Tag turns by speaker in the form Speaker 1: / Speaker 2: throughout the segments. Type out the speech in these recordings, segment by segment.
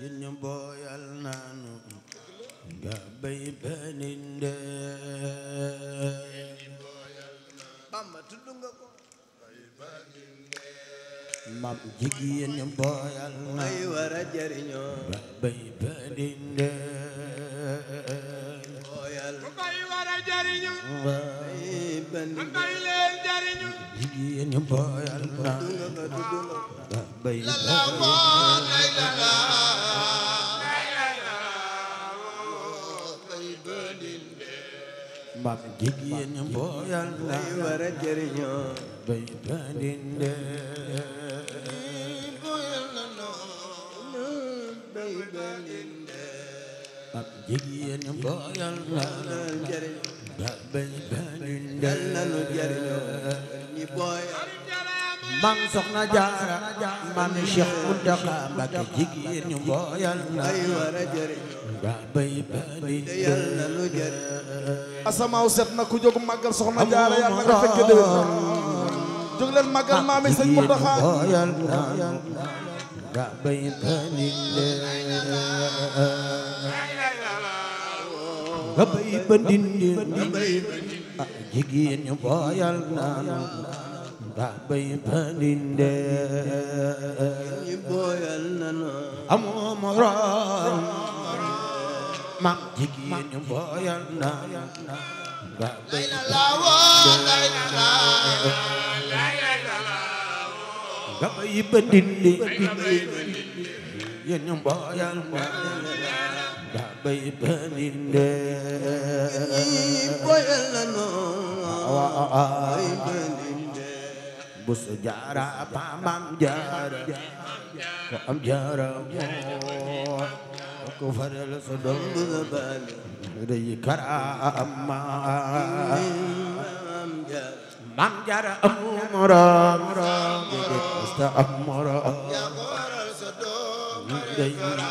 Speaker 1: yéen booyal naanu nga bay beninde bamba tudd nga ko mam jigéen booyal na ay wara jariñoo nga bay beninde booyal bay wara jariñoo bay beninde ñu boyal ba bay
Speaker 2: mbam jigéen
Speaker 1: ñu boyal la wara jëriñoo bay bandinde boyal na no bay bandinde ak jigéen ñi boyal na jariñ bay bañu dal na lu jariñoo ñi boyal mam soxna jaara mam cheikh muntaka mbàkke jigéen ñi boyal na ay wara jariñ bay bañu dal na lu jariñ asamaaw set na ku jóg màggal soxna jaara yàlla nga fekk déwén jóg leen màggal maami sëñ rabay ba dindin jigéen ñu booyal naanu rabay ba dindin booyal naanu
Speaker 2: amoo moroom mam jigéen ñu booyal naanu
Speaker 1: rabay ba dindin jigéen ñu booyal naanu bay baninde boyalano bay baninde bus jara pamam jara ko am jara ko faral so dom bal dey karama mam jara amura de sta amura ya faral so dom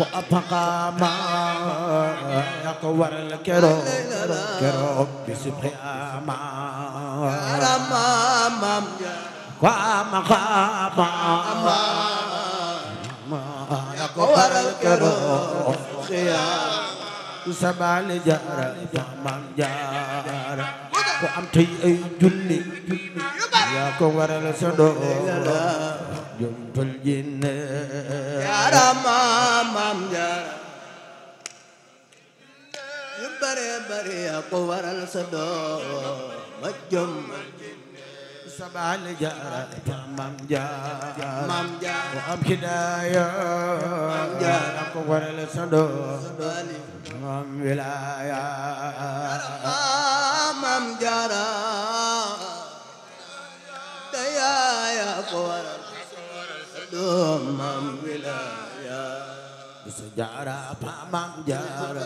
Speaker 1: ko apaqama yaa ko waral keroog keroog bisub qiyaama
Speaker 2: ramamam
Speaker 1: qama qama yaa ko waral keroog qiyaama sabal jara jamam jara ko am tey ay junni junni yaa ko waral sodo jumtul jinne yaara maam maam jaara yu bare bare yaa ko waral sodo ma jom sabal jaara maam jaara maam jaara am hidaaya maam jaara ko waral sodo maam wilaaya maam jaara ko waral doomam wilaya bisu jaara maam jaara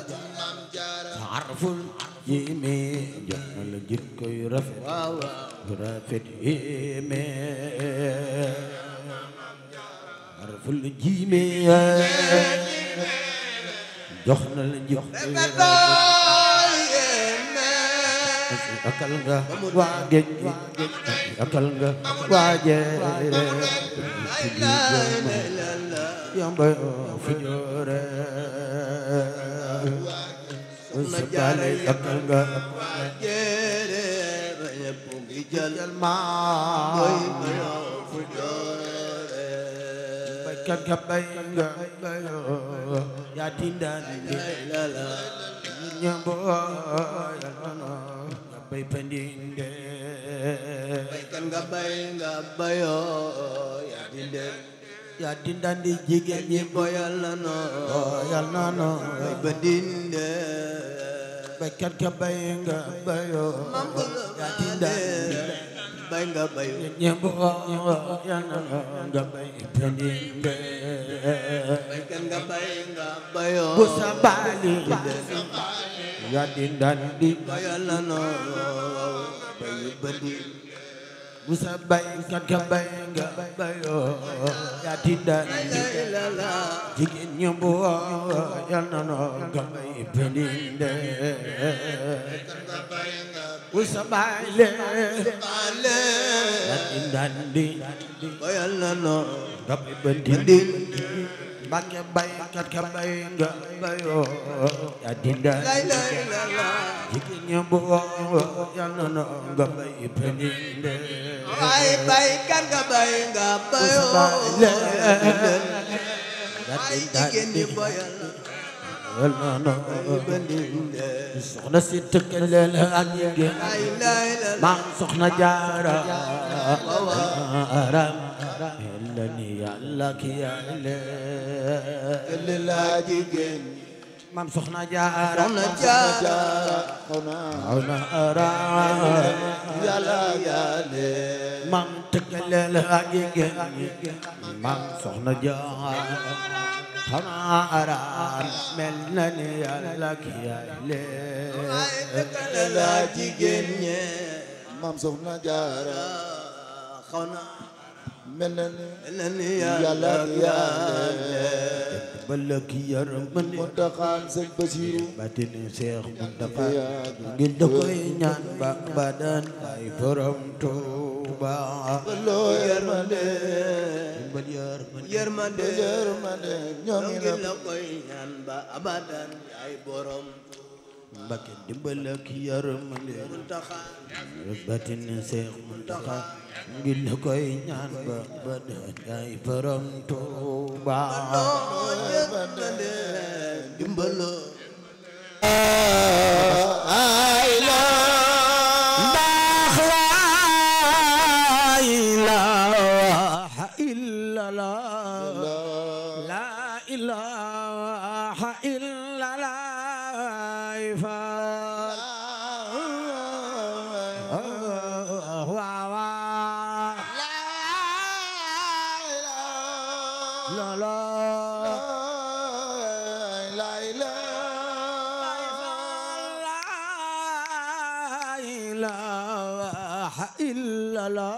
Speaker 1: harful yéeme jox na la jikko yu rafet yu rafet yéeme harful yéeme jox na la jikko yu rafet akal nga waa géej gi akal nga waa jeere yamba fu joore sabaale akal nga jeere ba ñepp ngi jël maa fu joore baykat nga bay nga bayoo yaa tindaan dindandi a ñi boyal na no boyal na no ba dinde baykat ka ya dindandi bay nga bayo ñi boyal na gàddi ndandi ba yàlla noo bay bëdi bu sa bay kat ka bay nga bayoo gàddi ndandi jigéen ñi bu woo yàlla noo ka bay bëdi nde bu sa bay le gàddi ndandi ba yàlla noo ka bay bëdi Mbakke bay kat ka bay nga bayoo oh. ya dinda la la la jigéen ñi bu woo ya nono nga bay peninde ay bay kat ka
Speaker 2: bay nga bayoo la la la jigéen ñi bayal
Speaker 1: soxna si tëkkaleel ak jigéen maam soxna jaara ni yàlla ki yàlla ëllëg laa jigéen maam soxna jaara soxna jaara soxna jaara yàlla soxna jaara mel na ni yàlla ki yàlla ëllëg laa jigéen ñe maam soxna jaara xaw na melen ni yàlla yàlla balak yaraman Muntaxa Sëñ Basiru batini Seex Muntaxa ngir da koy ñaan ba badan ay borom Tuuba loo yërmande bal yërmande yërmande ñoo ngi la koy ñaan ba abadan ay borom Mbakke dimbal ak yërmande Muntaxa batin Seex Muntaxa ngi la koy ñaan ba ba daay borom Tuuba dimbal
Speaker 2: la la la إلا لا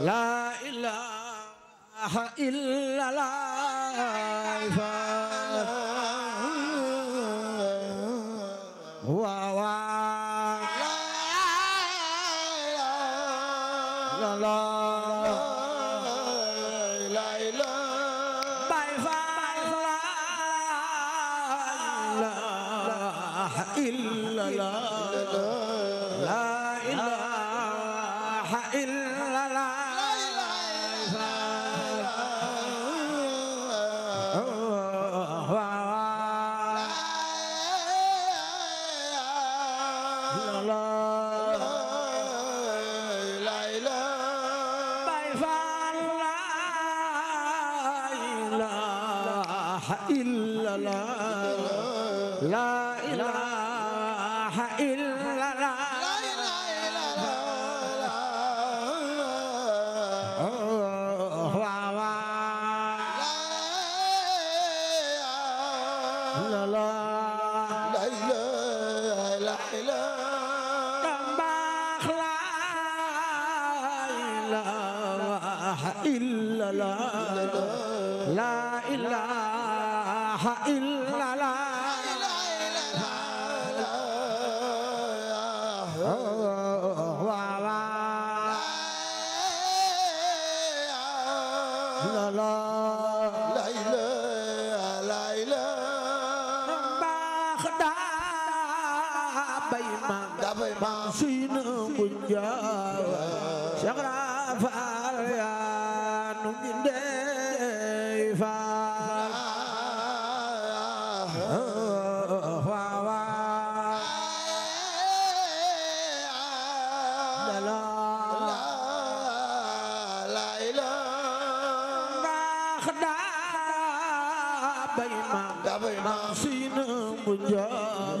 Speaker 2: لا إله إلا لا وا وا لا لا la إله إلا الله لا إله إلا الله bay ma bay ma suy na buñ jaa faal yaa nu bindee faal bay ma bay ma sin bu jor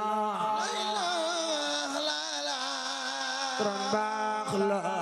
Speaker 2: patron baax la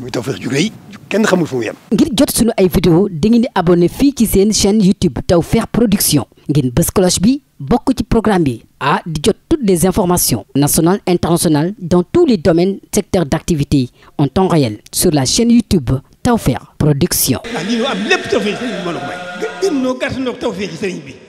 Speaker 1: muy tawfeex ju rëy kenn xamul fu mu yem. ngir jot sunu ay vidéo dangeen di abonné fii ci seen chaîne YouTube Tawfekh Production. ngeen bës cloche bi bokk ci programme bi di jot toutes les informations nationales internationales dans tous les domaines secteurs d'activité en temps réel sur la chaîne YouTube Tawfekh Production. ah lii loo am lépp tawfeex
Speaker 2: ci sëriñ bi.